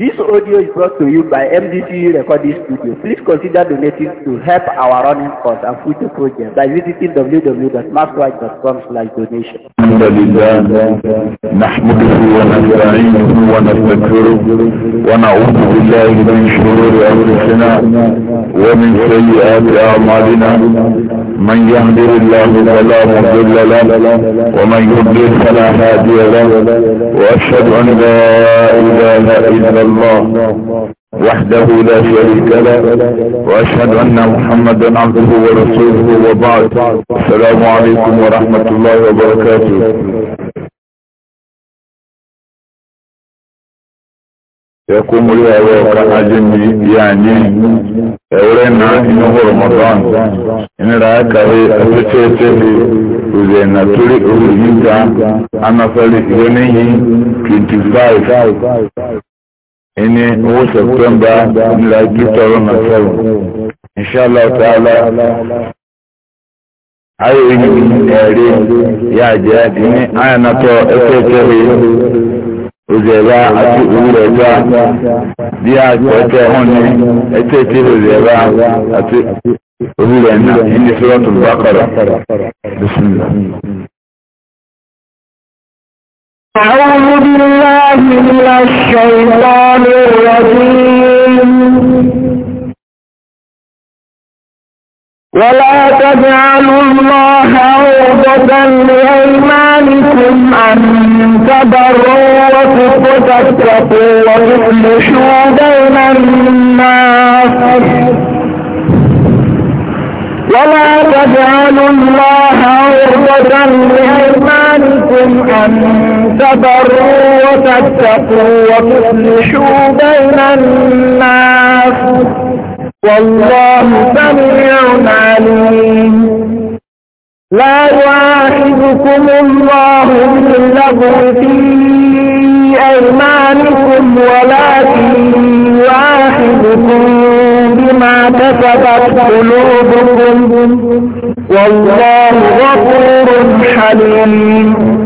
This audio is brought to you by MDCU Recording Studio. Please consider donating to help our running costs and future projects by visiting www.maxwhite.com slash donation. الحمد لله نحمده ونستعينه ونستغفره ونعوذ بالله من شرور انفسنا ومن سيئات اعمالنا من يهده الله فلا مضل له ومن يضلل فلا هادي له واشهد ان لا اله الا الله الله وحده لا شريك له واشهد ان محمدا عبده ورسوله وبعد السلام عليكم ورحمه الله وبركاته يقوم لي أبوك أجنبي يعني أولينا إنه رمضان إن رأيك أفتشته وزينا تولي أولينك أنا فالي 25 ẹni owó sẹ̀tẹ́mbà nílá ìgbé tọrọ nà sẹ́wọ̀n inṣàlá ọ̀tàlá ayé yìí ẹ̀rí ya jẹ́ ní àyànàtọ̀ ẹ̀fẹ́ ìtẹ́rẹ̀ òzẹ̀bá àti òwúrọ̀ ẹ̀dá bí a ẹ̀tẹ́ hàn ní ọnụ ìtẹ́rẹ̀ òzẹ̀bá àti òwúrọ̀ ẹ̀dá ní sọ́rọ̀tù bàkàrà بسم الله الله من الشيطان الرجيم ولا تجعلوا الله عوضة لأيمانكم أن تبروا وتتقوا وتخلشوا بين الناس ولا تجعلوا الله عوضة لأيمانكم أن تبروا وتتقوا وتصلحوا بين الناس والله سميع عليم لا يعاقبكم الله باللغو في أيمانكم ولكن يعاقبكم بما كسبت قلوبكم والله غفور حليم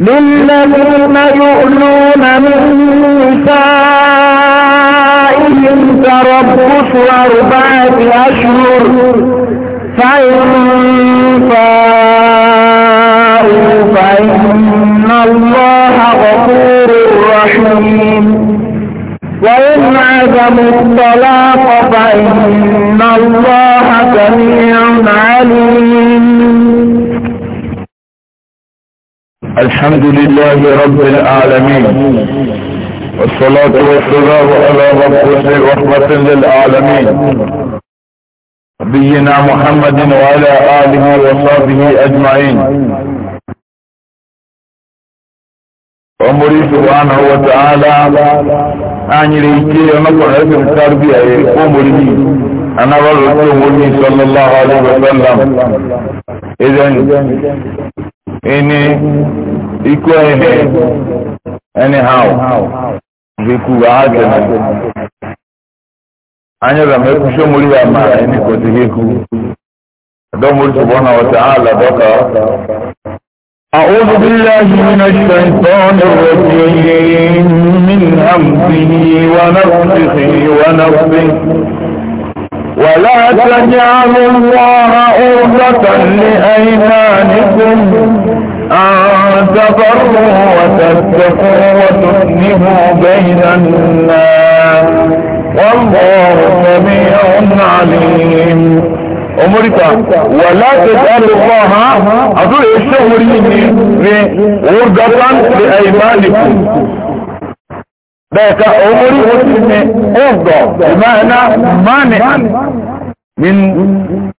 للذين يؤلون من نسائهم تربص أربعة أشهر فإن فاءوا فإن الله غفور رحيم وإن عزموا الطلاق فإن الله سميع عليم الحمد لله رب العالمين والصلاة والسلام على رب رحمة للعالمين نبينا محمد وعلى آله وصحبه أجمعين ومريد سبحانه وتعالى أن يريكي ونقل اسم تربية أمره أنا رسول صلى الله عليه وسلم إذن إني ikú ẹni anyhow bí kú ààjẹ náà anyọ̀rọ̀ mẹ́kú sómúrí àmà ẹni kò ti hé kú ọ̀dọ́múrí ṣùgbọ́n náà ọ̀tẹ̀ ààlà dọ́kà أعوذ بالله من الشيطان الرجيم من همزه ونفسه ونفسه ولا تجعلوا الله أوفة لأيمانكم أن تبروا وتتقوا وتصلحوا بين الناس والله سميع عليم أمريكا ولا تسأل الله أقول الشهرين غرضة لأيمانكم ذاك أمري أغضى بمعنى مانعا من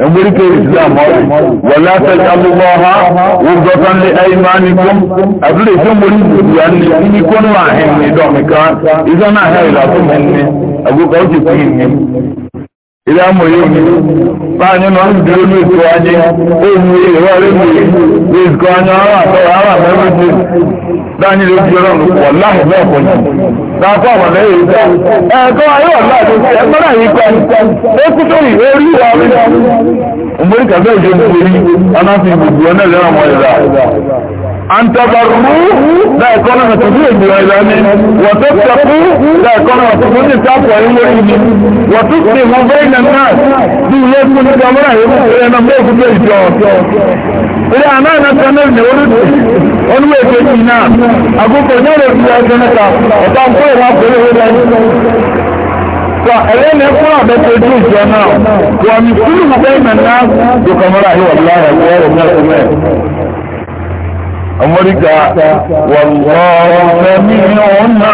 أمريكا الإسلام ولا تجعلوا الله وقفا لأيمانكم أبليكم مريد يعني إن يكون واحد من دومك إذا ما هيلا تمهن أبو قوتي فيهم ilé amòye omi báà nínú àdúró ní ètò ajé ohun ìrọ̀ lẹ́gbẹ̀ẹ́ lẹ́sìkọ́ anyá ara àtọ́rọ̀ ara mẹ́rin tí dání ló fi ọlọ́run pọ̀ láì náà pọ̀ jù dákọ́ àwọn lẹ́yìn ìgbà ẹ̀ẹ́kọ́ ayé ọ̀la àti ẹ̀kọ́ náà yìí gbà ó kú tó yìí orí wa orí wa òmùrí kàfẹ́ ìjọba orí anáfi gbogbo ọ̀nà ìlera wọn ìlà da أن تبروه لا يكون متفوق da وتتقوا لا يكون متفوق التعفى يمريني وتصلحوا بين الناس دي يكون كمراه يمكن أن يكون بيته ilé àmáàna kanáà ní olúwé kejì náà àgùkò ní ọ̀rọ̀ ìgbà ìgbẹ́nẹ́ta ọ̀tá ń kó ìwà pẹ̀lú ìwé lẹ́yìn wa ẹlẹ́ni fún àbẹ́tẹ̀jú ìjọ náà wà ní kúrò bẹ́ẹ̀ mẹ́ta dùkọ̀mọ́ra yóò láyà wọ́ọ̀rọ̀ mẹ́rin mẹ́rin أمريكا والله سميع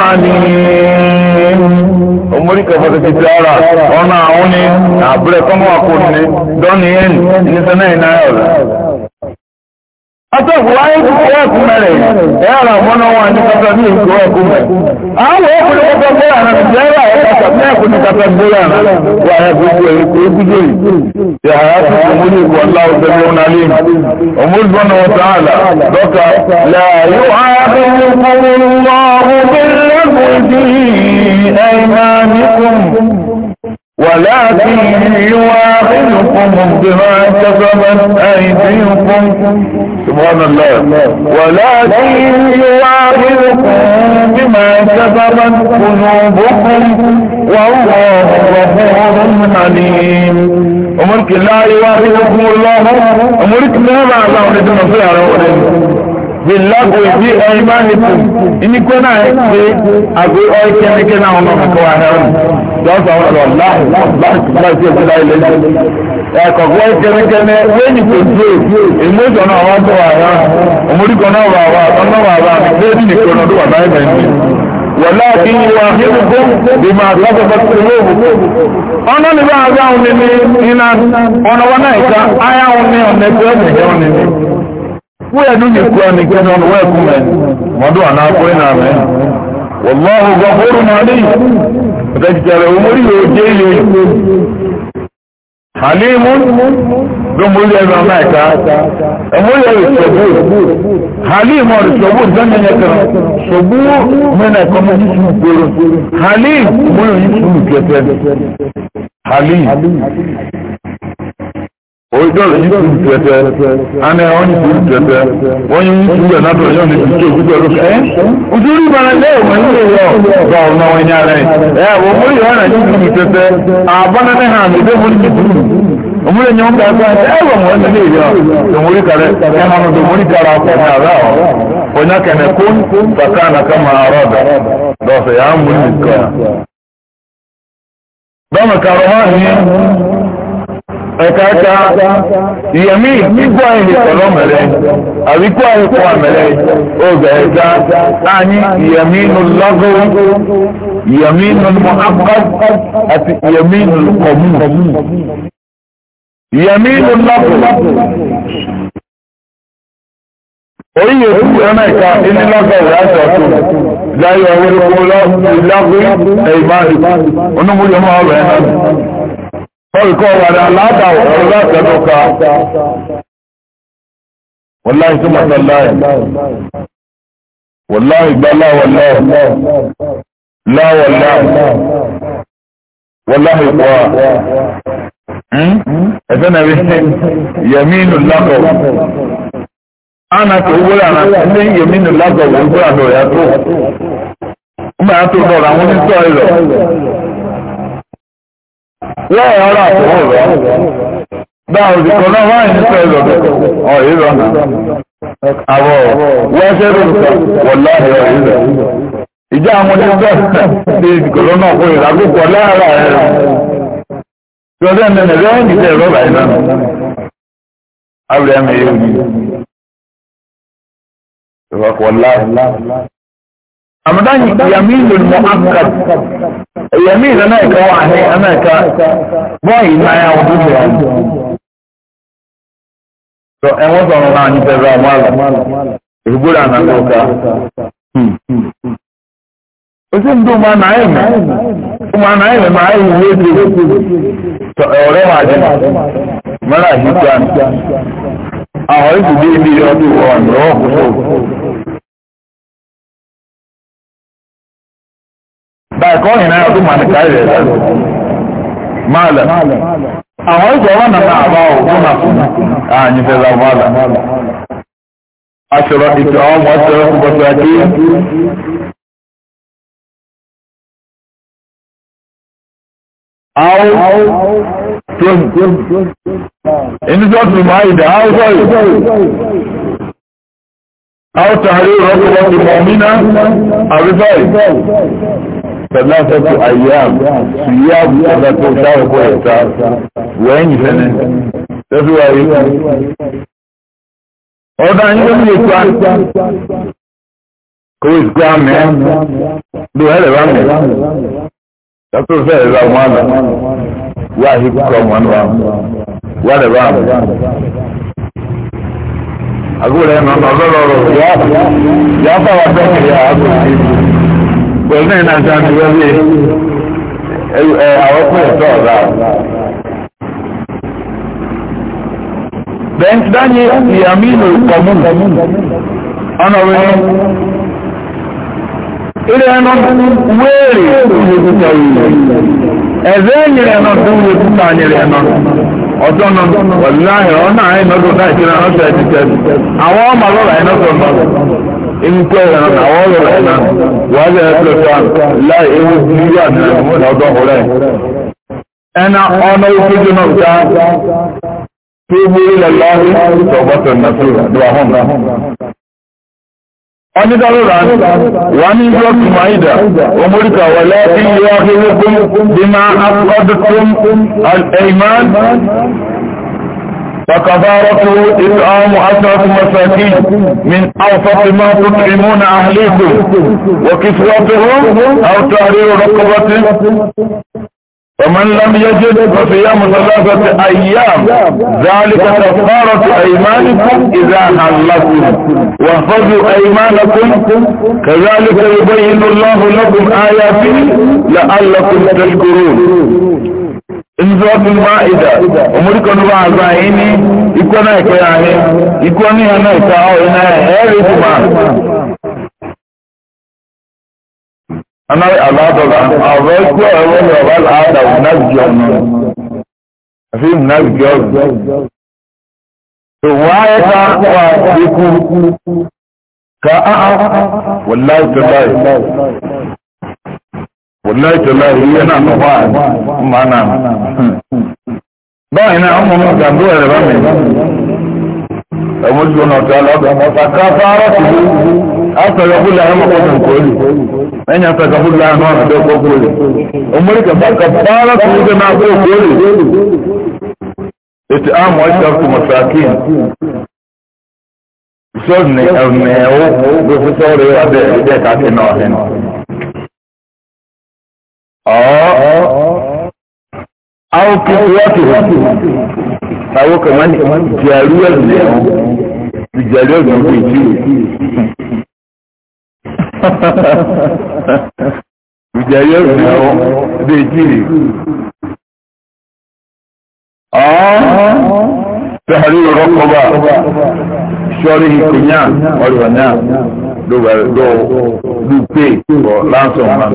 عليم أمريكا فتكي تارا أنا عوني أبريكم وأكوني دوني إن نسنين أيضا Ọjọ́ ìwáyé ti fi ẹ̀kú mẹ́rẹ̀ ẹ̀rọ àmọ́nà wọn ní kọta ní ìjọ ẹ̀kú mẹ́rẹ̀. Àwọn òkúrò kọta bóyá náà ti ẹ̀rọ ẹ̀kọta ní ẹ̀kú ní kọta náà wà ẹ̀kú ẹ̀kú ẹ̀kújẹ́ yìí. Yàrá ti ọmọdé ìkọ̀ ńlá ọ̀sẹ̀ ní ọ̀nà lé. Ọmọdé bọ́nà ولكن يواخذكم بما كسبت أيديكم سبحان الله ولكن يواخذكم بما كسبت قلوبكم والله غفور حليم وملك لا يواخذكم الله وملك ما بعد أولاد النصيحة bilago ibi ọyìnbá nìkú ìníkó náà ẹ pé àgbé ọyìn kẹ́míkẹ́ náà wọn náà kọ́ ahẹ́ ọ̀nà dọ́sọ̀ ọ̀rọ̀ láàrín láàrín láti ẹ̀kọ́ láì lẹ́yìn ẹ̀kọ́ kọ́ ọyìn kẹ́míkẹ́ náà lẹ́yìn kò dúró èmójọ náà wọ́n tó wà rárá òmùdíkọ náà wà wà ọ̀nà wà rárá lẹ́yìn nìkó náà tó wà báyìí bẹ́ẹ̀ ni wọ̀láàkì ìwà nínúkó bí máa lọ́pọ̀pọ̀ olóòwò ọ̀nà nígbà àgbà òní ní iná ọ̀nà wọn náà ìta ayáhùn ní ọ̀nà ẹgbẹ́ ọ̀nà ẹgbẹ́ ọ̀nà wọ́n ẹ̀dùn yìí kú ẹni kẹ́ni ọ̀nà wọ́n ẹ̀kú mẹ́rin mọ́dún àná akọ́rin náà mẹ́rin wọ́láhùn gbọ́fóró náà ní ìtẹ̀jẹ̀rẹ̀ omórí yóò jẹ́ ilé halimu lómórí ẹ̀rọ amáìka ẹ̀mórí ẹ̀rọ ìṣògbó halimu ọ̀rọ̀ ìṣògbó ìdánilẹ̀ kan ṣògbó mẹ́rin ẹ̀kọ́ mọ́ yíṣu gbòòrò halimu mọ́ yíṣu kẹtẹ halimu ojú ọ̀rọ̀ yìí kúrú tẹ̀tẹ̀ àná ẹ̀ wọ́n yìí kúrú tẹ̀tẹ̀ wọ́n yìí kúrú ẹ̀ náà tọ̀rọ̀ yọ̀ ní ìdíje òkúta ọ̀rọ̀ fẹ́. ojú rí ìbára ilé ìwọ̀n yìí lè yọ ọ̀gá ọ̀nà wọn ní ara ẹ̀ ẹ̀ wọ́n mú ne kun kama dɔfɛ kɔ dɔmɛ ẹ̀kẹta ìyẹ̀mí gbígbọ́ ẹ̀yìn sọ̀rọ̀ mẹ́lẹ́ àríkú àríkú àmẹ́lẹ́ ọgbẹ̀ ẹ̀ka láàyè ìyẹ̀mí nulọ́gọ́ ìyẹ̀mí nulọ́ àti ìyẹ̀mí nulọ́kọ̀mù ìyẹ̀mí nulọ́gọ́ oyin òkú ẹ̀rọ ẹ̀ka ìnílọ́gọ́ ìyáṣọ tó láyé ọwọ́ ìkọlọ́ ìlọ́gọ́ ẹ̀yìn máa rí onímúlẹ̀ máa rẹ̀ náà ọ̀rùkọ́ wà ní aláàbàwọ̀ ọ̀rọ̀ látẹnuka wọláì tó mọ̀ sọ́láì wọláì gbá láwọlẹ́ láwọlẹ́ wọláì pọ̀ ẹ̀fẹ́ náà rí yẹmínú lákọ̀ ana tó wúrà náà ní yẹmínú lákọ̀ wọ́n gbúra lọ yàtọ̀ ó máa tó lọ́ra àwọn onítọ̀ ẹ̀rọ lẹ́yìn ọ̀rọ̀ àtúwò rẹ̀ dá òdìkọ náà wá ní sẹ́lọ̀ ọ̀rẹ́ rọ̀ náà àwọ̀ wọ́n ṣe rò rẹ̀ ìjà àwọn onígbà rẹ̀ ẹ̀rọ báyìí náà àwùrẹ́ yóò yí Ramadan yamin mu'akkad yamin ana ka wahi ana ka boy na ya wudu E to en wo zon na ni teza mala igura e na loka Ozin do ma na eme ma na eme ma ayi we do to ore wa je mala hi kan a hori e bi bi yo do won ro báyìí kọ́ ìrìn àjò màá ní káyì rẹ̀ sẹ́nu máàlẹ̀ àwọn ìjọ wọn nana àbá òkun náà fún àyìn fẹ́ lọ máàlẹ̀ aṣọra ìjọ àwọn ọmọ ọtí ọkùnrin bọ́tí ajé àwọn tóbi inú tó tún máa ìdá àwọn sọ̀rọ̀ أو تحرير رقبة مؤمنة الرفاعي ثلاثة أيام صيام ثلاثة شهر كويسة وين سنة تسوى ọba yín ló lè pa kó ìsìkú àmì ẹ ló ẹlẹ bá mi dókítà fẹẹ lọ wọn lọ wá ìsìkú kọ wọn lọ wá lẹ bá mi. àgùrẹ́ nà ọ̀nà ọ̀dọ́ lọ́rọ̀ yàtọ̀ wà bẹ́ẹ̀ kiri àgùrẹ́ pẹ̀lú náà náà sáà ní wọ́n lé ẹ àwọn pé ẹ̀tọ́ ọ̀la. bẹ́ẹ̀ dání ìyàmí ìlú kọ̀mú ọ̀nà wẹ́rẹ́ ilé ẹnu wéèrè ìlú kúta yìí ẹ̀fẹ́ ẹ̀yẹrẹ ẹnu tó wúlò kúta ẹ̀yẹrẹ ẹnu ọ̀tọ́ nù wọ̀lú láyé ọ̀nà àyìnbó tó dáìsí náà ọ̀sẹ̀ ẹ̀dìtẹ̀ àwọn ọmọ lọ́la ẹ̀ náà tó nù ìmúkẹ́ ìrànà àwọn ọ̀rọ̀ ẹ̀nà wàhálà ẹ̀pẹ̀fàn láì ewu nígbà lọ́dọ̀ ọ̀rẹ́ ẹ̀nà ọ̀nà ìpéjọ náà ta tó gbórí lọ́lárí tọ̀gbọ́tọ̀ nàfíà lọ́hùn ọdídáròrà wà ní blọọkì maida omorika wà láti yọ ahérégún bí máa akọ́dùkún ẹ̀yìnmáà فكفارته إطعام عشرة مساكين من أوسط ما تطعمون أهليكم وكسوتهم أو تحرير رقبة ومن لم يجد فصيام ثلاثة أيام ذلك كفارة أيمانكم إذا حلفتم واحفظوا أيمانكم كذلك يبين الله لكم آياته لعلكم تشكرون azụ bá ìdá òmùríkọ́nù bá àgbà yìí ní ikú náà ìpẹ́ ahẹ́ ikú na ọ̀nà ìta ọ̀rẹ́ Anaghị ẹ̀ẹ́rẹ́ tó ọrụ anáwó aláàdọ̀gà àwọn ikú ẹ̀rọ ní ọ̀bá àdà òmùnájì ọ̀nà àfi òmùnájì ọ̀nà. tó wá ẹ̀ka wà ka wallahi tallahi yana na wa mana báyìí náà ọmọ ọmọ gàdó ẹrẹ bá mi ẹmọjú ọ̀nà ọ̀tá ọ̀tàkà fáárà tìlú asọ̀yọ̀kúlẹ̀ ẹ̀rọ mọ̀kọ́tà nkọ́lì ẹ̀yìn asọ̀yọ̀kúlẹ̀ ẹ̀rọ mọ̀kọ́tà nkọ́lì ọmọdéka bàkà náà ètò mọ̀sàkín aw kisiyatihim awo kaman jariyar ne jariyar ne ko ciwo jariyar ne ko da ciwo ah tahrir raqaba shori kunya walwana do do dupe ko lansom man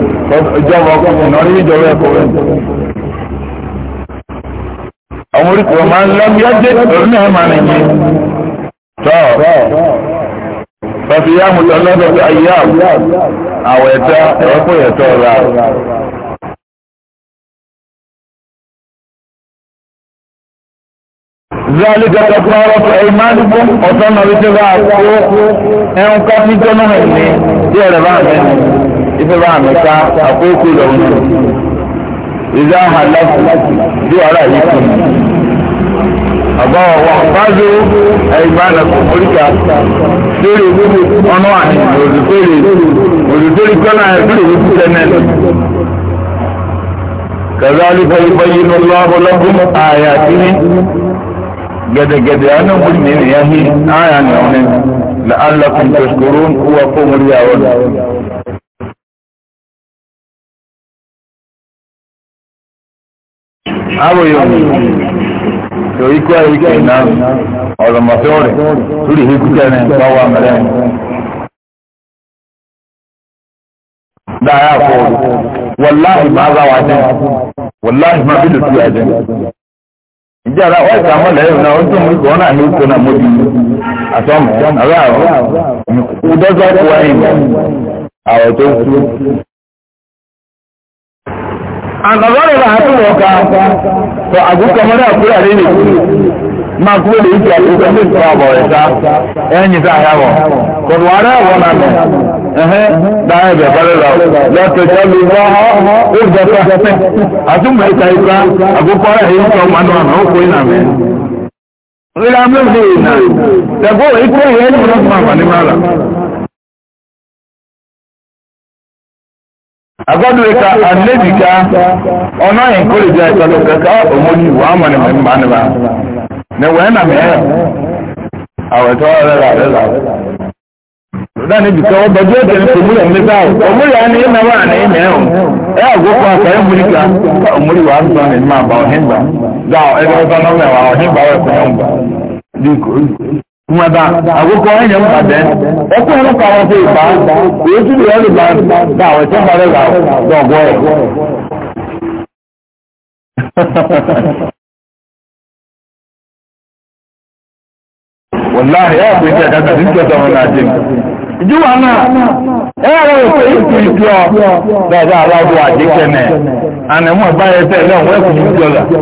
ìjọba ọkùnrin àwọn oríkì wọn máa ń lọ bí ọjọ́ ìtọ́jú náà máa ń yí. tọ́ tọ́sí yá mo tọ́lọ́ tọ́sí ayé àwọ̀ ẹ̀tọ́ ẹ̀kọ́ ẹ̀tọ́ ife ba mẹta àkókò lọ́wọ́ ìdá àlàfo bí ọ̀rá yìí kù àbáwọ̀ wọn bájú ẹgbàánàkù oríkà lórí ọ̀nà àní òdùtóri òdùtóri kọ́nà ẹ̀fúrò ní tẹ́nẹ̀ kàzálíkà ìbáyé ní ọlọ́wọ́ lọ́gùn àyà tí gẹ̀dẹ̀gẹ̀dẹ̀ àánú mú ní ìyá hí àyà ní ọ̀nà la'allakum tashkurun huwa qawmun ya'lamun abụghị to ikwe ike na ọzọmọsị ọrịa tụrụ ihe na nkọwa mere da ya wallahi ma za wa wallahi ma bidu tuya jin ijara wa ta mo le na o na ni ko na mo bi ara àgbàgbọ́rẹ̀ bá tún wọ́n ká tó àgùkọ mọ́rẹ́ àkúrà rẹ̀ lè kú máa kú lè jẹ́ àgùkọ ní ìtura ọ̀bọ̀ rẹ̀ sá ẹ̀yìn tá a yà wọ̀ kòtò wà rẹ̀ wọ́n náà mẹ́ ẹ̀hẹ́ dáhẹ́ bẹ̀ bẹ́rẹ̀ lọ lọ́tọ̀ tó lè wọ́ ọ́ ó jẹ́ tó ẹ̀fẹ́ àtúmọ̀ ìta ìta àgùkọ rẹ̀ yìí tó máa nù àná ó kó iná mẹ́. ìlànà ìlú ìlànà tẹ̀gbọ́n ìkó ìyẹn ní agwadoghị ka annebi ka ọ naghị omoni iwu ama na na wee na mee aweta ọrịa ahụ omori anyị na ịna ya e agwụkwa ka e ya ka wa asụsụ na ọhịmba ọzọ nọ mewa ọhịmba nweba agogo ẹnyẹ mbadẹ ọkụ ọrụ ka wọn fi ìgbà èyí ti yọ ìgbà dá àwọn ẹsẹ mbadẹ gà dọgbọ ẹ. wàláhì ẹ kò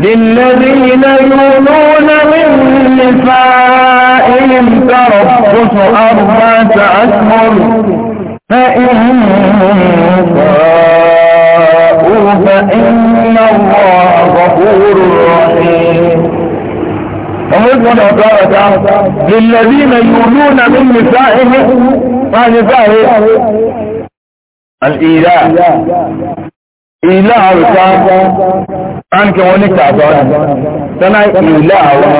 للذين يؤمنون من نسائهم تربص أربعة أشهر فإن فاءوا فإن الله غفور رحيم فمثل وتعالى للذين يؤمنون من نسائهم ما نسائهم الإله ilé àrùká ánkì wọn ní kàbọ̀ ní ilé àwọn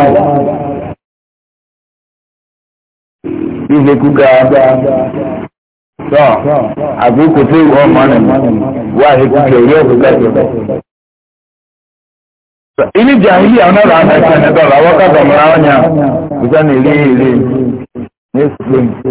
ìgbèkúgà tọ́ àgbékò tó wọ́n mọ́nà wà ìkúkẹ̀ orí ọ̀kúkà ìjọba ilé ìjà ilé àwọn ọ̀rọ̀ àmà ìfẹ́ nìdọ́là mọ́ra ọ̀nyà ìjọ́ nìrí ìrí ní ìsìnkú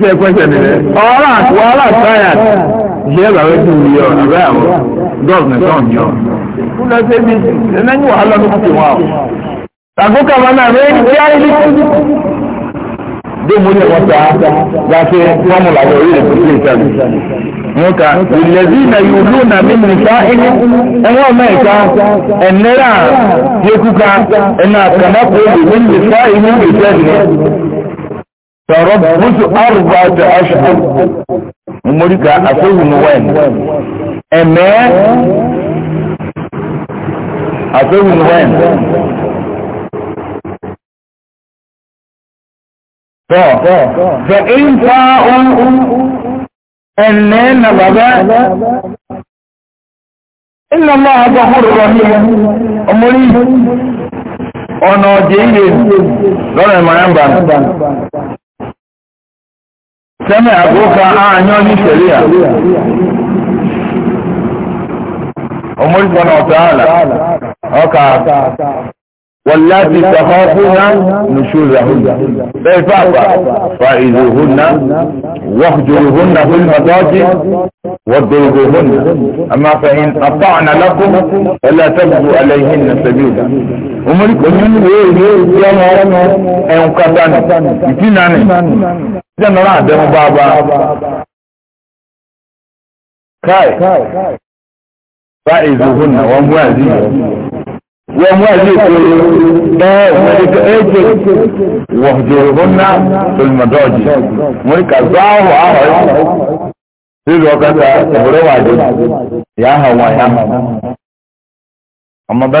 ṣe ẹ pẹ́sẹ̀ nìyẹn ọ̀rọ̀ wàhálà sáyà ṣe é bàbá tó wù yọ àbẹ́ àwọn gọ́ọ̀nù tó ń yọ. kú lọ sí ibi ẹnẹ́yìn wàhálà ló kù wá o. àgùkà máa náà rẹ ní ayé ní kí. dé mo ní wọn ta gbàṣẹ fọmùlà wọ orí ètò ìlú ìtàlù. mo kà ìlẹ̀bí na yòlú na mi nìta ẹni ẹ̀wọ̀n mẹ́ta ẹ̀nẹ́rà yẹkuka ẹ̀nà àkànná kò lè ní nìta ẹni ìtẹ́lẹ̀. tarabbusu arba'ata ashhur umurika asawu nuwan eme asawu nuwan so fa in fa'un annana inna سمع أبوك أعنوني شريعة أمور بن عطالة أوكا واللاتي تخافون نشوزهن بيفا فائزوهن واخجروهن في المضاجع واضربوهن أما فإن أطعن لكم فلا تبدو عليهن سبيلا omori onye ndị wee rie isi ọnụ ọnụ enkata iti nani ndị nọrọ adịm baba kai na wọn mú àzí wọn wọn na ahụ mọrika záwọ ahọ sílùú ọkọta ìbúrẹ wàdí yà áhà ya. yà ọmọdé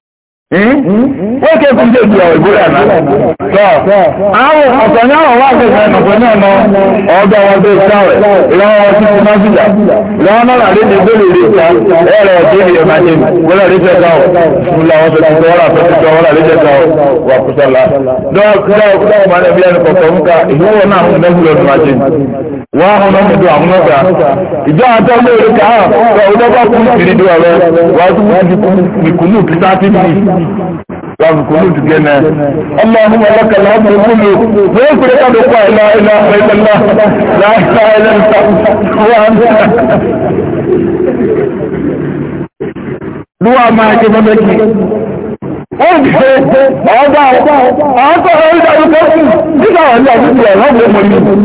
wọ́n kẹ́ kún jẹ́ ìgbìyàwó ìgbóyà náà tọ́ àwọn ọ̀sán ní àwọn wáṣẹ̀ ìfẹ́ ọ̀pọ̀ náà mọ́ ọjọ́ wọn tó sáwẹ̀ ìlọ́wọ́ wọn tún fún májìlá ìlọ́wọ́ náà lè ní ìgbélé ilé ìta ẹ̀rọ ọ̀dọ́ ìlú ẹ̀ma ṣe wọlé rí fẹ́ sáwọ̀ fún làwọn tó ti sọ́wọ́lá tó ti sọ́wọ́lá rí fẹ́ sáwọ̀ wà kúsọ̀lá wọ́n ahọ́n náà mọ̀tò àwọn ọ̀gá ìjọ àtọ́ lórí káà ọ̀dọ́gbà kún ìrìndò ọ̀rẹ́ wàá tún wọ́n ti kún ìkùnú kìtà tí nìyí وذكروا تجنا اللهم لك الحمد كله ويقول لك لا اله الا الله لا اله الا انت وانت دعاء ما كتبك Oúnjẹ́ ọba ọ̀pọ̀ ìdàrú kọ́kùn nígbà wà ní àdúgbò ọ̀rọ̀ ọmọ ìlú.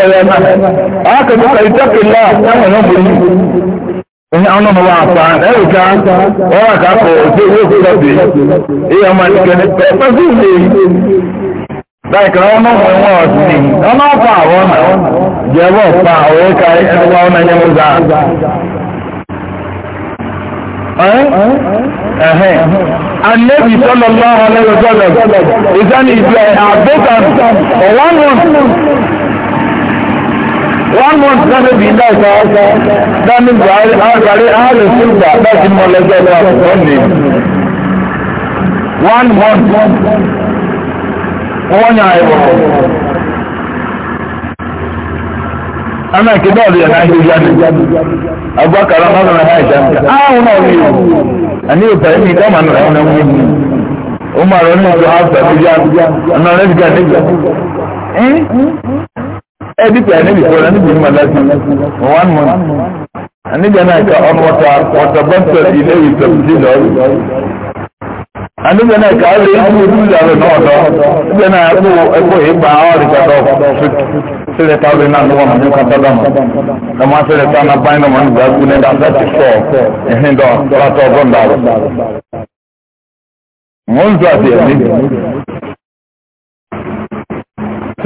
Ẹ̀rẹ̀ náà, àákẹ́kọ̀ọ́ ìjọ́kẹ̀lá àwọn ọmọ ìlú onye ọnụ wa akpa ewuka ọwa ka akọ ofe ofe lọbi ihe ọma dikene pẹpẹsị ule daikara ọnụ ọmụ nwa ọsịsị ọnụ ọkwa ahụ ọna ji ebe ọkpa onye ka ẹnụwa ọna nye mụza النبي صلى الله عليه وسلم إذن إذن أعبدت وانون one month láti bí ilé ẹ̀ka ọ̀ka dání buhari àgbàrí àárẹ̀ sígbà láti mọ lẹ́jọ́ ní àkọ́kọ́ ni one month wọ́n yàn àìwọ̀. ana ke ba da yana yi jami abubakar an hana ya jami a wuna wuri a ne ba yi da ma na wani wuri umar wani su hafta su jami a nan rajga ne eh? edit ya nabi sauran nabi yin malaki one month annabi yana ka on wata wata banta ilayi tafsir da wani annabi yana ka aure yi mu du da na wata annabi yana ya ko ai ko yi ba awari ka do sire ta bi na nuwa mun ka tada mu kama sire ta na bai na mun da ku ne da ta so ehin do ra to gonda mun zo da ni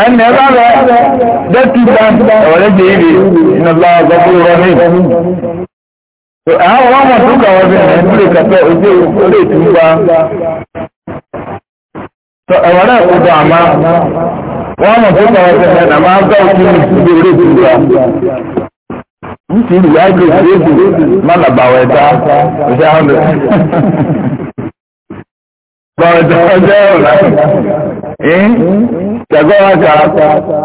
ẹnì ẹ̀rọ rẹ̀ dẹ́kítà ọ̀rẹ́ jẹ́ ibi iná lọ́wọ́ gbọ́dọ̀ rọ́mí. àwọn wọn mọ̀ tó kàwọ́ bí ẹ̀ ń lè kàtọ́ ojú olè tó ń gba. ẹ̀wọ̀n náà kò dọ̀ àmá wọn mọ̀ tó kàwọ́ bí ẹ̀ nàmá gbọ́ ojú mi sí olè tó ń gba. Nti ìlú ayé gbèsè ègbè má nàbàwẹ̀ dá ọ̀dọ̀. lọ́jọ́jọ́ ṣàgọ́wàṣà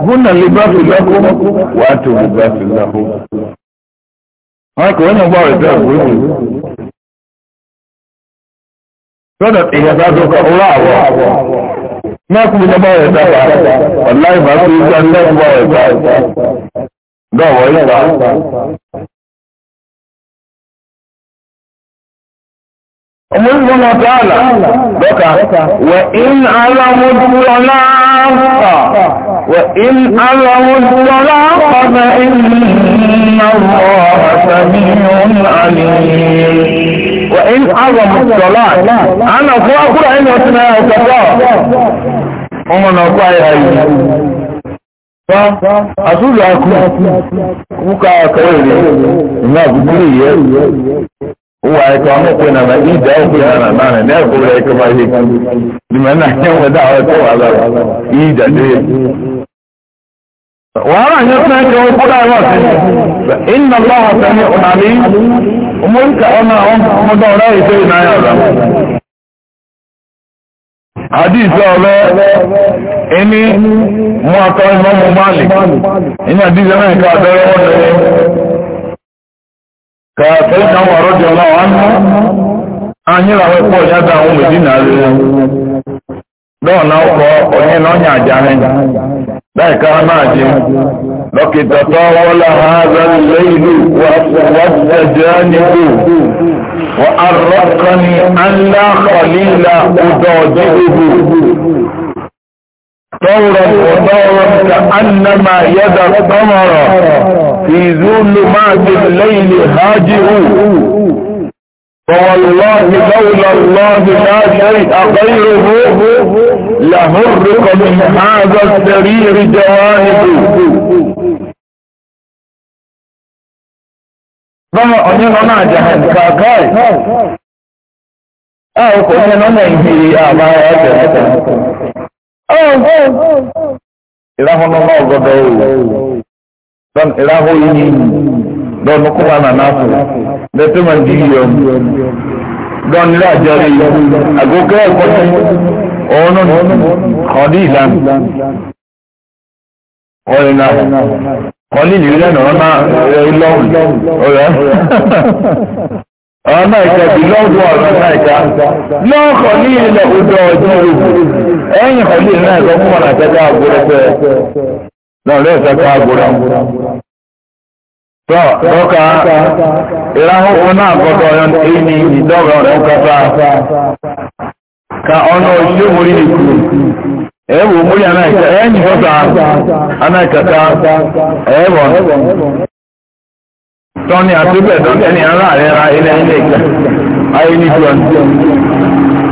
gúnnà lè bá fi lọ́kún wà tó lè bá fi lọ́kún wọ́n kò ní gbọ́ ìjọ ìwúrú sọ́dọ̀ ìyàtà tó kọ owó àwọ̀ mẹ́kùn ní bọ́ ìjọ wà ومنهم تعالى بكى وإن علموا الطلاق وإن علموا الطلاق فإن الله سميع عليم وإن عظموا الطلاق أنا أقول إن أسماء الطلاق ومن أقول أيه أقول أقول أقول أقول أقول أقول wa ẹ̀kọ́ ọmọ òkú nàmà ìdá òkú nàmà náà ní ẹ̀kọ́ rẹ̀ ẹ̀kọ́ máa yé nìmọ̀ náà yẹn wọ́n dá àwọn ẹ̀kọ́ wà lọ́wọ́ yìí dàdé yẹ. wàhálà yẹn ọ na ọkọ̀ dáhùn ịnị mụ kàfẹ́ ìdáwọ̀ àrọ́jọ náà wọ́n anyịra wee kpọọ ya da ahụ medi na arịrị dọọ na ụkọ onye na ọnya aja ahị daika ha na-ajị dọkịta tọwala ha aza leilu wajajaniku wa arrọkani anla kọlila ụdọ jihuhu طورا وطورا كأنما يد في ظلمات الليل هاجئوا فوالله لولا الله لا شيء غيره لهرق من هذا السرير جوانب báwọn ọ̀nyẹ́nà náà jẹ́hàn kàkàì àwọn kò ní ọ̀nà ìhìrì àmà ẹ̀ẹ́dẹ̀ ẹ̀ẹ́dẹ̀ ìrahùn náà ọgọ́dọ̀ don iraho yini don kuma na nasu da tuman jiyon don ila jari agogo ẹ̀kọ́ ní ọ̀nà kọ̀dí ìlànà ọ̀rìnà kọ̀dí ìlànà ọ̀nà ìlọ́wù ọ̀rẹ́ ọ̀nà ìkà bí lọ́wọ́ ọ̀nà ìkà lọ́wọ́ kọ̀dí ìlànà ọjọ́ ọjọ́ ẹ̀yìn kọ̀dí ìlànà ẹ̀kọ́ fún ọ̀nà ìkẹ́kẹ́ àgbọ̀rẹ́fẹ́ lọ́rẹ́ ìfẹ́kọ́ agbóra tọ́ lọ́ka ìráhùn náà gọ́dọ̀ ọ̀yọ́n èyí ni ìdọ́rọ̀ ọ̀rẹ́ kọta ka ọ̀nà òṣìṣẹ́ mórí nìkú ẹ̀wọ̀ mórí ẹ̀yìn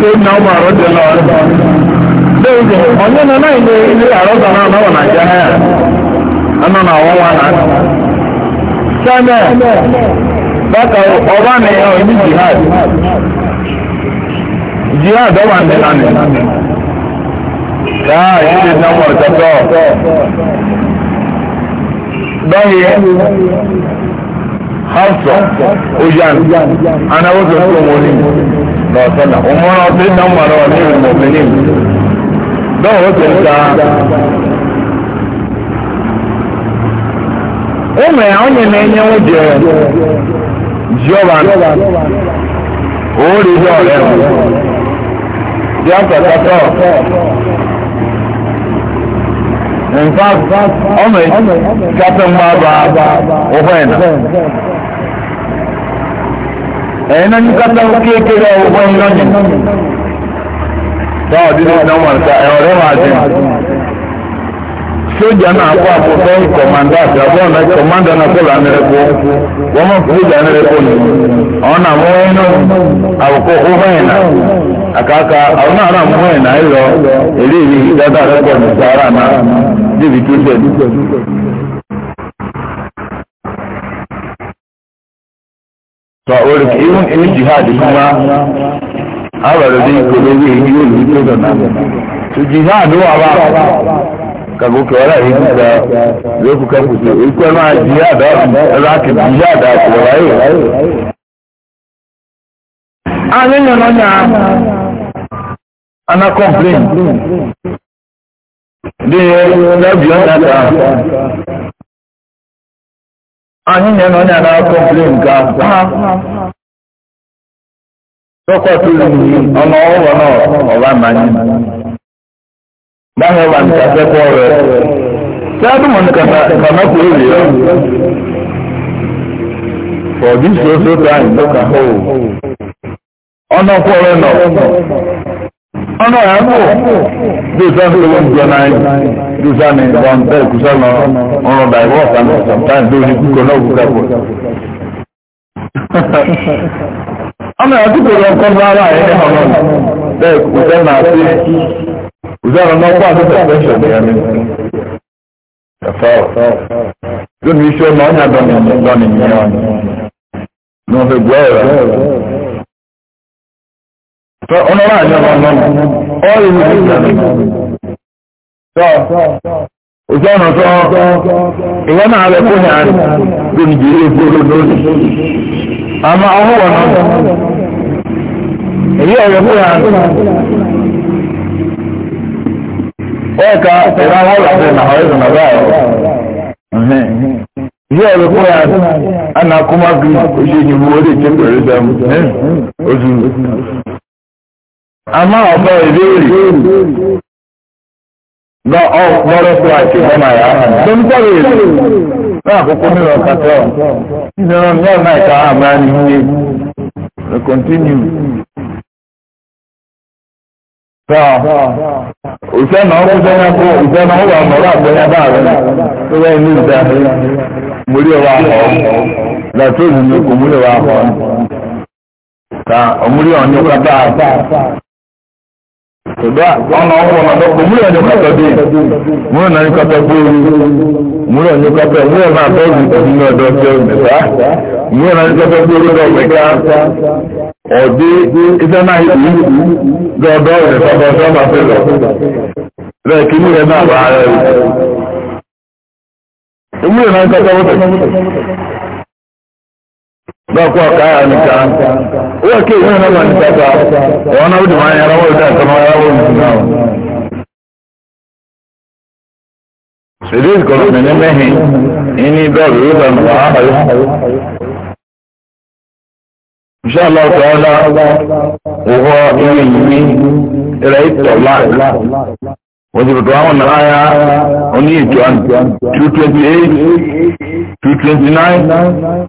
ṣe na ọmọ àrọ́jọ náà bẹ́ẹ̀ jẹ́ ọ̀nyẹ́ náà náà ilé ilé àrọ́jọ náà náà wọ̀ nà jẹ́ náà ẹnu náà wọ́n wá náà. sẹ́mẹ̀ bákan ọba ni ọ̀hún ní jihad jihad ọba ní nàní. káà ìdílé náà wọ̀ tọ́tọ́ báyìí hafsọ ojan anáwó tó tó wọlé lọ́sọ̀nà òmùrán ọdún náà wà lọ́wọ́ ní ìmọ̀mìnì lọ́wọ́ ó ti ń ta. ụmụ ya onye na-enye nwunye jioban ori ihe ọrịa dị akwụkwọ in fact ọ na mgbaba ụhụ ẹ̀yẹ́nà ní kátà òkè kéré ọgbọ́n iná yẹn ọdún náà wọn ta ẹ̀rọ wà jẹ sójà náà kó àkókò na àti àbọ̀n náà kọ̀mándà náà kó lànàrẹ́kọ wọ́n mọ̀ fún ìjà nírẹ́kọ ni àwọn náà mú ẹnu àwòkọ́ ọgbọ́n ẹ̀nà àkàkà àwọn náà náà mú ẹ̀nà ẹ̀ ìlú ní náà débi tó to orik even in jihad kuma awara dai ko dai yi yi yi to da nan to jihad wa ba ka go iri ra yi da ikwu ku ma jihad da ra ki da ko ra yi na ana complain de da biyo anyị na onye a na-akọmplen nke ahụ sọkọtụrụ nyi ọnụ ụlọ nọ ọba mmanya báwo wà ní kàfẹ́kọ̀ọ́ rẹ̀ tí a ka mọ́ ní kànákùrú rẹ̀ for this also time lọ́kà nọ ọ̀nà ẹ̀mú bí o sáfẹ́ lọ́wọ́ ìjọ náà bí o sáni wọn bẹ́ẹ̀ kú sọ́nà ọ̀rọ̀ dàìwọ́ ọ̀sán ọ̀sán tó ní kúkọ náà kúkọ pọ̀. ọ̀nà ẹ̀kúkọ lọ kọ́ bá ara ẹ̀ ẹ̀hàn náà bẹ́ẹ̀ kú náà sí kú sọ́nà náà kó àti pẹ̀sẹ̀ṣọ̀ ní ẹ̀mí. ẹ̀fọ́ lónìí iṣẹ́ ọmọ ọ̀nyà dọ́nìyàn ní wọ́n fẹ́ gbọ́ ẹ̀rọ ọlọ́rọ̀ àjọba lọ́nà ọ̀rọ̀ ìlú ìjọba tọ́ òjò ọ̀nà tọ́ ìwọ náà rẹ̀ kó ní àmọ́ ọ̀pọ̀ ìbéèrè lọ ọ̀pọ̀rọ̀ fún àti ọmọ ìyá tó ń tọ́rọ èrè ní àkókò nílò kàtọ́ ìdáná ní ọ̀nà ìta àmà ní náà náà wà àgbẹ̀yà bá rẹ̀ tó wẹ́ inú ìta lọ́tọ́ ìlú kò múlẹ̀ wà ta tọ̀dọ̀ ọ̀nà ọ̀wọ̀ ọ̀nà dọ́kọ̀ múlẹ̀ ní kọ́tọ̀ dé múlẹ̀ ní kọ́tọ̀ gbóòrú múlẹ̀ ní kọ́tọ̀ múlẹ̀ máa bọ́ òbí tẹ̀sí ní ọ̀dọ́ ọ̀tẹ́ òmìnira múlẹ̀ ní kọ́tọ̀ gbóòrú dọ̀ mẹ́ta ọ̀dẹ́ iṣẹ́ náà yìí dọ̀dọ̀ òmìnira dọ̀dọ̀ máa fẹ́ lọ rẹ̀ kí múlẹ̀ náà wà á rẹ̀ bako kaya nika uwa ke yi na ba nika ta wani abu da ma ya rawar da ta ma ya rawar da na wa sidi ko ne ne mehi ini da ruwa na ba ha yi insha Allah ta'ala uwa ini yi rai tola wajibu to awon aya oni ejo 228 229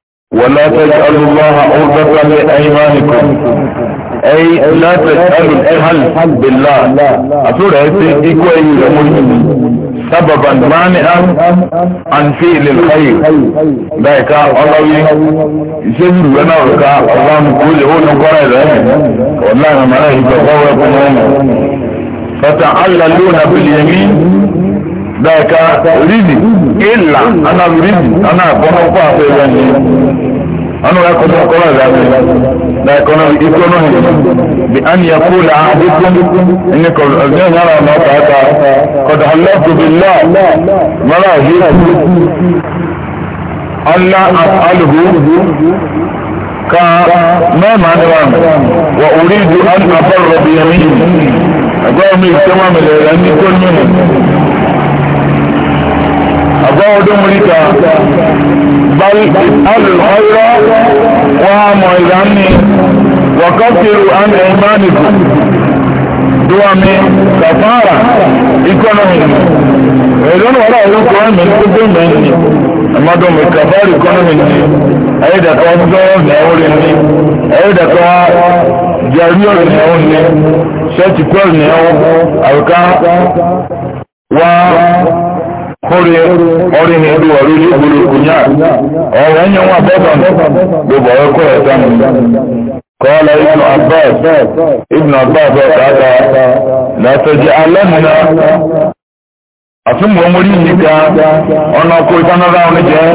ولا تجعل الله عرضة لأيمانكم أي لا تجعل الحل بالله أقول هذه إكوين المسلمين سببا مانعا عن فعل الخير بايكا الله يسجل لنا وكا الله كل هو نقرأ ذلك والله ما راح يتغوى فتعللون باليمين daga rizi illa ana rizi ana kono kwa pe yani ana ya kono kola la ni da kono ikono ni bi an yaqula ahadukum innakum azna yara ma ta'ata qad halatu billah mala hiya Allah as'aluhu ka ma ma'ana wa uridu an afarra bi yamini ago kama mele ni kon mene ọdún mìíta alùkọ́rọ́ wọ́n a mọ̀ ìdánni wọ̀kọ́kìrù àmì ìmánìkù duwami kàfàrà ìkọ́nọ̀mì ẹ̀dọ́nù wọ́n láwọn orúkọ àmì gbogbo mẹ́ni àmọ́dọ̀mì kàfàrà ìkọ́nọ̀mì ni ẹ̀yẹ́dàkọ́ ọdún ẹ̀wọ̀n ni ẹ̀yẹ́dàkọ́ jẹ́ríọ̀ ni ẹ̀wọ̀n ni ṣẹ́ẹ̀tì pẹ́ẹ̀lì ni ẹ̀wọ̀n àrùká wá kụrị ọrụ ihe ndị ọrụ igburu onye a ọrụ onye nwa bọbọn bụbọ ọkụ ẹta m kọọla ibnu abbas ibnu abbas ọka aka lataji alamina àtúmọ̀ mórí nìka ọ̀nà ọkọ̀ ìtànára ọ̀rẹ́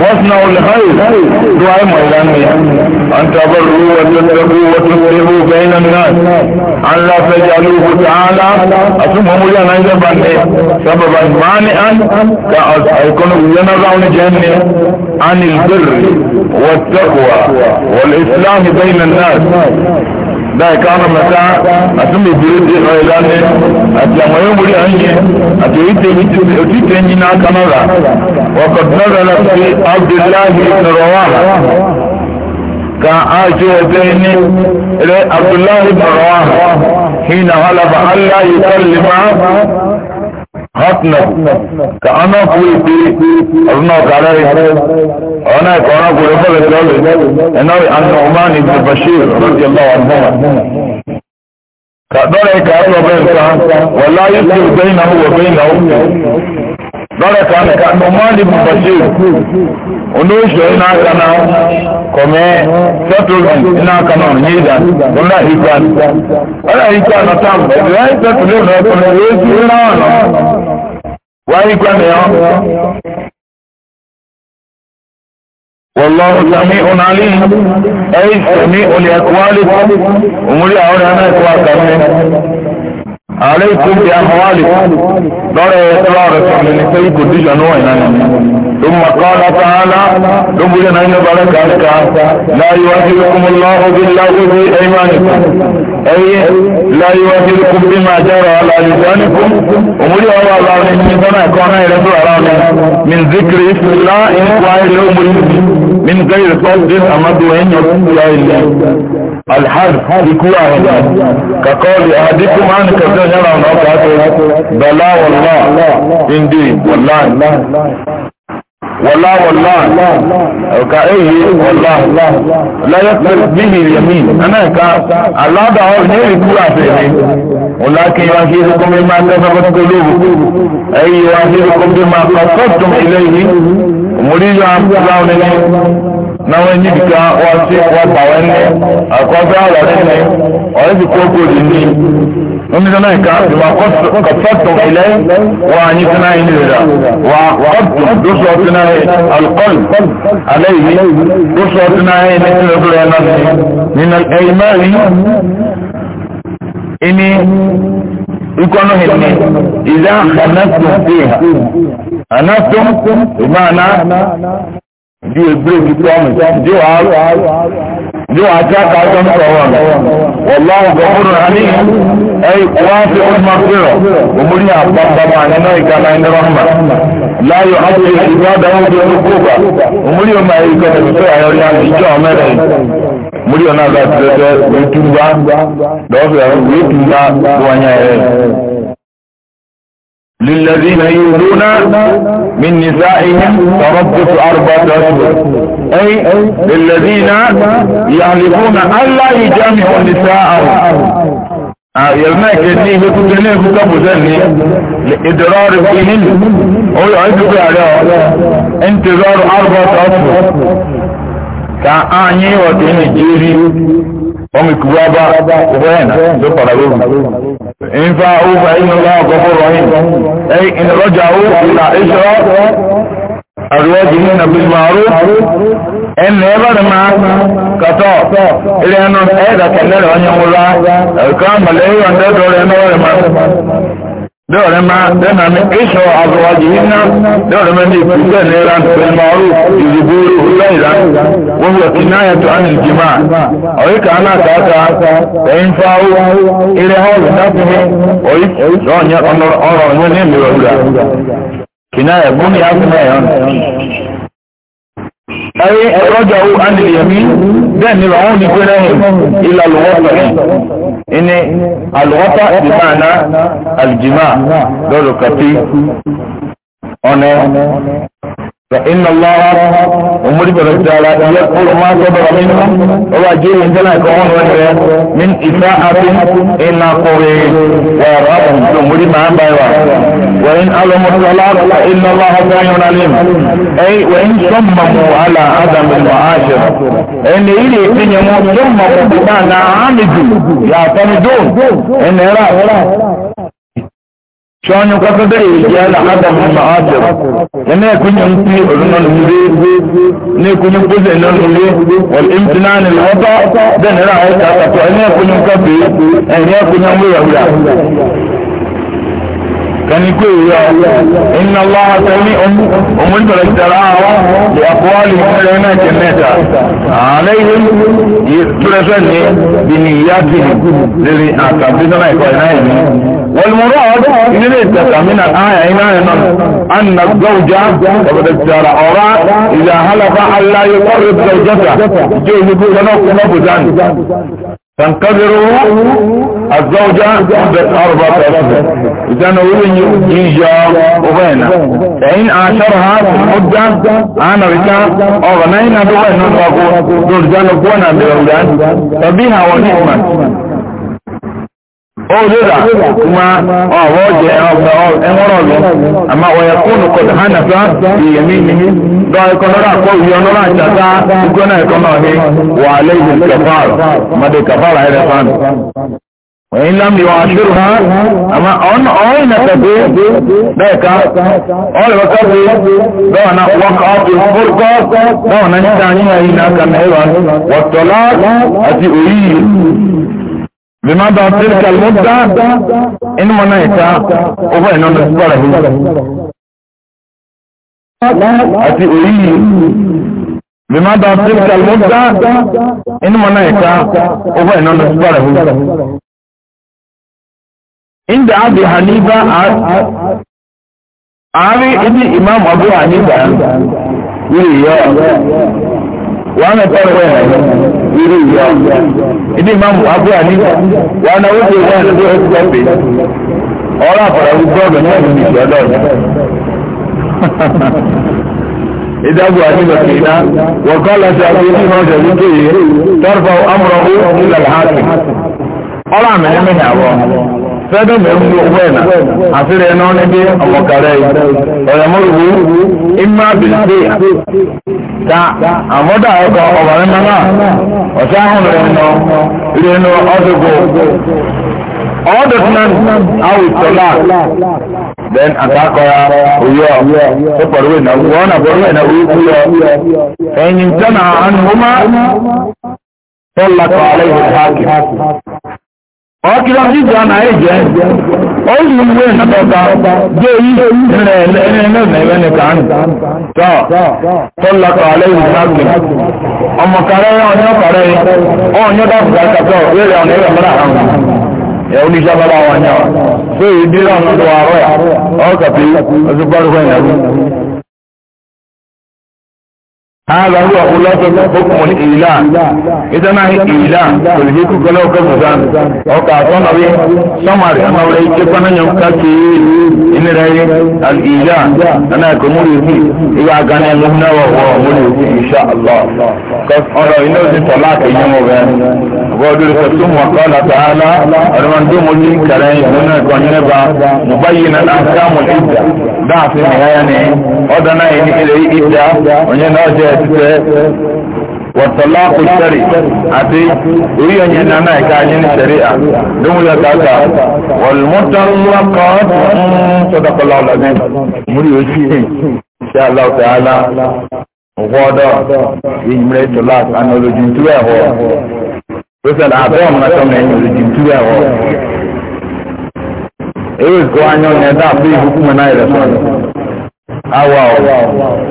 واصنعوا الخير دعاء ميلانية أن تبروا وتتقوا وتصلحوا بين الناس أن لا تجعلوه تعالى أسمه لنا إذا بني سببا مانعا يكون لنا رعون جهنم عن البر والتقوى والإسلام بين الناس láì ká ọ̀nà mẹ́ta àti mẹ́bìrì ti ọ̀ ìlànà àti àwọn yóò múlẹ̀ ẹ̀yìn àti òtítẹ̀ ẹ̀yìn náà kanára ọkọ̀ náà lọ sí abdullahi nọ̀rọ̀wà ka ajo ọjọ́ ẹni rẹ abdullahi nọ̀rọ̀wà hìnà halaba allah yìí kọ́ lè hotnabu ka ọ̀nà kúrò pé ọ̀nà ọ̀kàrà rẹ̀ ọ̀nà ìkọ̀ọ̀nà kúrò fọ́lẹ̀ tọ́lẹ̀ ẹ̀nà àna ọ̀man ibn bashir rọ̀dí allah àdúrà ka dọ́rẹ̀ ka ọ̀nà bẹ́ẹ̀ nǹkan wà láyé sí ìgbẹ́ iná wọ̀ bẹ́ẹ̀ iná wọ̀ dọ́rẹ̀ ka nǹkan ọ̀man ibn bashir onóòṣù iná kaná kọ̀mẹ́ settlement ọ̀nà yíyá ọ̀nà ìgbà ọ̀nà ìgbà ọ̀nà táàmù ẹ̀dùn láyé settlement wáyé gbàmìíràn wọlọ́wọ́ sami ọ̀nàlí ẹ̀yí sami olùyẹ̀kọ́wálé òmùrí àwọn ẹ̀rọ ẹ̀kọ́ àgbàmì ààrẹ ìkúndì àhọ́wálé lọ́rẹ̀ ẹ̀tọ́ ààrẹ sọ̀rọ̀ ní pé ìkòdíjọ́ níwọ̀n ìnáyà ثم قال تعالى ربنا ان بركاتك لا يؤاخذكم الله بالله في ايمانكم اي لا يؤاخذكم بما جرى على لسانكم ومولي الله الله من سنة كون الى من ذكر اسم الله ان قائل لهم من غير صد امد وان الحرف يكون كقول احدكم عن كذا يرى بلا والله indeed والله والله والله كأيه والله لا يقبل به اليمين أنا كا الله دعوه نيري كورا فيه ولكن يؤخذكم بما كسبت قلوبكم أي يؤخذكم بما قصدتم إليه مريد عن قرآن náwọn ẹni bìkà wọ́n ti wọ́n pàwọ́ ẹni àkọ́fẹ́ àwọ̀ ẹni ọ̀rẹ́bìkọ́ kò dì ní ومثلائك بما قصدتم إليه وعنيتنا إليه وقدتم دسوتنا القلب عليه دسوتنا مثل ذلك من الأيمان إني يكون هنا إذا خنفتم فيها خنفتم بمعنى دي البريك promise دي وعارو yóò àjáka ọjọ́ ń sọ wọn ọlọ́run gọ̀múrò àní ẹ̀kùnwáṣẹ́ olùmọ̀fẹ́rọ̀ òmúrí àpapàmà nínú ìgbàlá ìnirọ́mà láyọ̀ àti ìgbàdà oúnjẹ olùkóbà òmúrí ọmọ ẹ̀kọ́ ẹ̀fẹ́ àyọrí àti ìjọ mẹ́rin múrí ọ̀nà àgbà tẹ̀tẹ̀ wíjúmbá lọ́fẹ̀ẹ́ wíjúmbá wọn yẹn rẹ̀ للذين يولون من نسائهم تربص أربعة أشهر أي للذين يعلمون ألا يجامعوا نساءهم يلمك إني بكتنين كتبوزني لإدرار فيهن هو يعيدك عليها انتظار أربعة أشهر كأني وتنجيري ọmọ ìkúwá bá ọgbọ́yẹ̀nà ló padà lóhùn. ìnfà òfà ìnàlá ọ̀gọ́fọ́ rọ̀yìn ìnàlọ́jà òfà ìṣọ́ àríwájú ní nàbílì màrú ẹnì ẹbá ni máa kàtọ́ ilé ẹnu ẹ̀ẹ́dà kẹlẹ́rẹ̀ ọ̀nyẹ̀wòrán ẹ̀ka mọ̀lẹ́yìn ọ̀ndẹ́dọ̀rẹ̀ ẹ̀nà ọ̀rẹ̀ máa dọ́ọ̀rẹ́ máa dẹ́nà ní ìṣọ́ àzọwájì iná dọ́ọ̀rẹ́ máa ní ìpínlẹ̀ náírà pẹ̀lú ọrù ìdìbò ìlẹ́ìlá wọ́n fi ọ̀tí náà yẹtọ̀ á ní ìjìmá ọ̀yíkà aláàkáàkà ẹ̀yìn fáwọ́ eré họ́ọ̀lù dákùnrin ọ̀yí lọ́ọ̀nyẹ ọ̀rọ̀ ìwé ní ìlú ọ̀gbà kìnnáyà gbóni ákùnrin ẹ̀yọ́n ẹ̀yìn ẹ̀rọ́jà ó á ini alwata bimana aljima lolo kati one فإن الله أمري برسالة يذكر ما صدر منه وواجه من جنة كون وهي من إساءة إلى قوي ويرغبهم أمري مع بيوا وإن ألموا الصلاة فإن الله سميع عليم أي وإن صمموا على عدم المعاشرة إن إلي إن يموت صمموا بمعنى عامدوا يعتمدون إن إراه Ṣọ́nyí kọ́kọ́ bẹ́ẹ̀ ìjẹ́ aláàdàmù ma'ájọ̀. Yẹ́nà ẹ̀kúnyẹ ń fi òrùnà lùmúrí, ní ẹ̀kúnyẹ gbọ́dẹ̀ iná lùmúrí, wọ̀lì ìmtìnà ni lọ́tọ́, bẹ́ẹ̀ nira àwọn ìtàkàtọ̀, ẹ̀yìn ẹ̀kúnyẹ ń kọ́ kani ko ya inna allah sami um, umul barakara li aqwali mu'minina jannata alaihim yusrasani bi niyyatihim lili akabina na ko na ni wal murad inna takamina aya ina na anna zawja qabla jara ora ila halafa alla yuqarrib zawjata je ni ko na budan tanqadiru الزوجة عندك أربعة أشهر إذا نقول إيجا وبينا فإن عاشرها في المدة أنا بك أغنينا بغينا نقول درجان وقونا بغيان فبها ونعمة أولئك كما أواجه أمره أما ويكون قد حنف بيمينه لا يكون لا قوي ولا شتاء يكون يكون وعليه الكفارة ما دي كفارة هذا وإن لم يعاشرها أما أن أين تبي بيكا أول وكبي دونا وقعت الفرقة دونا نتانيها هنا كان هيوان والطلاق أتي أريد بماذا تلك المدة إن منعتا وبين نصبره أتي أريد بماذا تلك المدة إن منعتا وبين نصبره inda abu hanifa àárín ibi imam abu hanifa yìí yọ wà á tọrọ wẹ̀ yìí yọ ibi imam abu hanifa wà á náwó tó wẹ̀ lọ́wọ́ ẹ̀sìtẹ́pì ọ̀rọ̀ àfàrà wípé ọ̀gbẹ̀ náà ní ìṣẹ́ ọlọ́run ìdágbò àdìgbà kìíná wọ̀kọ́ láti àgbéyé ní ọjọ́ ìkéyè tọ́rọ̀fà amúrọ̀wó nílẹ̀ àhàkì ọ̀rọ̀ àmì ẹ̀mẹ́yàwó sẹ́dọ̀ mẹ́rin ló wẹ̀ náà àfihàn ẹ̀nà níbi ọmọkàrẹ́ yìí ọ̀yàmọ́rùwú ìmá bìlìsì ta àmọ́dà ẹ̀kọ́ ọ̀bàrin mọ́nà ọ̀sẹ̀ ahùn rẹ̀ nọ ilé inú ọ̀dùnkù ọ̀dùnkùn àwùjọ́lá then àtàkọ́ra òyọ́ ọ̀pọ̀lọpọ̀ ìnáwó wọn àpọ̀lọpọ̀ ìnáwó yíyọ ẹ̀yìn jọ́nà àánú ó má tọ́lá ọkìlọ nígbà náà ẹjẹ oṣù ìwé ìnàdọ̀ta jẹ́ èyí ìrìnlẹ̀ ẹ̀lẹ́mẹ̀ẹ́mẹ́ nìkan tọ́ tọ́lákọ̀ alẹ́ ìrìnàgbì ọmọkàrẹ́ ọ̀nyọ́kàrẹ́ ọ̀nyọ́dọ̀kàtọ̀ rẹ̀rẹ̀ ọ̀nà ẹ̀rẹ̀ mọ́ra àwọn ẹ̀wọ́n ní sábàbà wọn yà wọ́n tó ìdílé ọ̀nà tó àárọ̀ ọ̀kàtí ọ̀sùpárùkọ̀ ìyàwó هذا هو خلاصة حكم الإله إذا ما هي إله فلهيك كلاو كمزان أو كعطان أبي سمر أما ولي كفنا يوم كاكي إن رأي الإله أنا كمول يفي إذا كان يمهنا وهو مول يفي إن شاء الله كف أرى إنه في صلاة يوم وغير وقد رسلتم وقال تعالى أرمان دو مجين كرين هنا كونيبا مبين الأحكام الإدة ضعف يعني أدنا إن إلي إدة ونين أجل ẹ̀sẹ̀ wọ̀tọ̀lá kò sẹ́rì àti orí ẹ̀yẹ nana ẹ̀ka ayé ní sẹ́rì à lóhùn yẹn kàkà wọ̀lùmọ́tàlá kan sọ́dọ̀kọ̀lá ọ̀làbí múrí ojú yìí ṣé aláwọ̀ tẹ̀ ala ìyìnbẹ̀rẹ̀ tọ́lá àti olójú tú ẹ̀ họ lọ́sẹ̀ àbẹ́ ọ̀mùnà tọ́mọ ẹ̀yìn olójú tú ẹ̀ kọ́ anyọ́ ní ẹ̀dá àbúrò ìhùkú náà yẹ